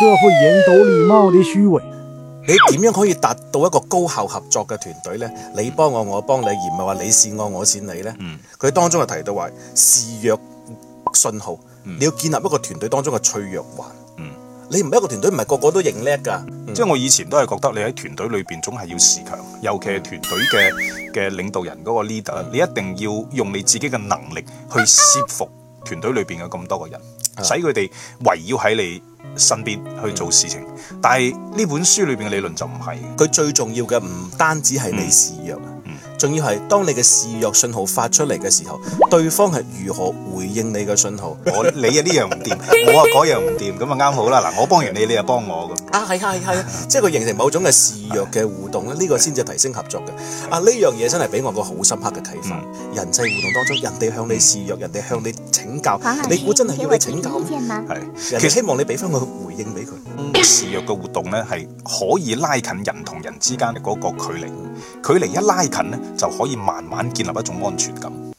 社會人都禮貌地虛偽，你點樣可以達到一個高效合作嘅團隊呢？你幫我，我幫你，而唔係話你試我，我試你呢。佢、嗯、當中就提到話示弱信號，嗯、你要建立一個團隊當中嘅脆弱環。嗯、你唔係一個團隊唔係個個都認叻噶，嗯、即係我以前都係覺得你喺團隊裏邊總係要示強，尤其係團隊嘅嘅領導人嗰、嗰個 leader、嗯、你一定要用你自己嘅能力去說服團隊裏邊嘅咁多個人。使佢哋圍繞喺你身邊去做事情，嗯、但係呢本書裏面嘅理論就唔係，佢最重要嘅唔單止係你事業。嗯仲要係當你嘅示弱信號發出嚟嘅時候，對方係如何回應你嘅信號？我你啊呢樣唔掂，我啊嗰樣唔掂，咁啊啱好啦嗱，我幫人你，你啊幫我咁。啊係係係，即係佢形成某種嘅示弱嘅互動咧，呢、啊、個先至提升合作嘅。啊呢樣嘢真係俾我個好深刻嘅啟發。嗯、人際互動當中，人哋向你示弱，人哋向你請教，岸你估真係要你請教？其實希望你俾翻個回應俾佢、嗯。示弱嘅互動呢，係可以拉近人同人之間嗰個距離，嗯、距離一拉近呢。就可以慢慢建立一種安全感。